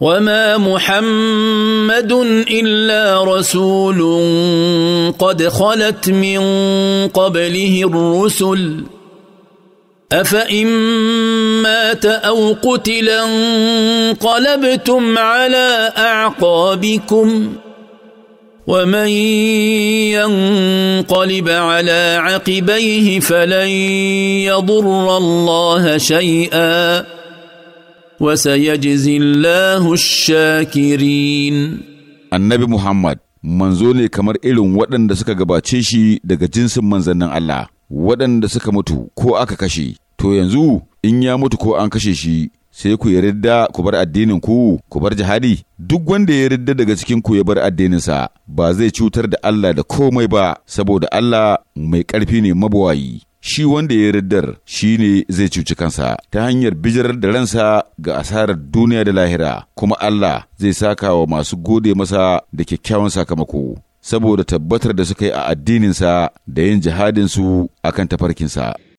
وما محمد الا رسول قد خلت من قبله الرسل افان مات او قتلا انقلبتم على اعقابكم ومن ينقلب على عقبيه فلن يضر الله شيئا وسيجزي الله الشاكرين النبي محمد manzo ne kamar irin waɗanda suka gabace shi daga jinsin manzannin Allah waɗanda suka mutu ko aka kashe to yanzu in ya mutu ko an kashe shi sai ku yarda ku bar addinin ku ku bar jihadi duk wanda ya yarda daga cikin ku ya bar addininsa ba zai cutar da Allah da komai ba saboda Allah mai ƙarfi ne mabawayi shi wanda ya riddar shi ne zai cuci kansa ta hanyar bijirar da ransa ga asarar duniya da lahira kuma Allah zai saka wa masu gode masa da kyakkyawan sakamako saboda tabbatar da suka yi a addininsa da yin jihadinsu akan tafarkinsa.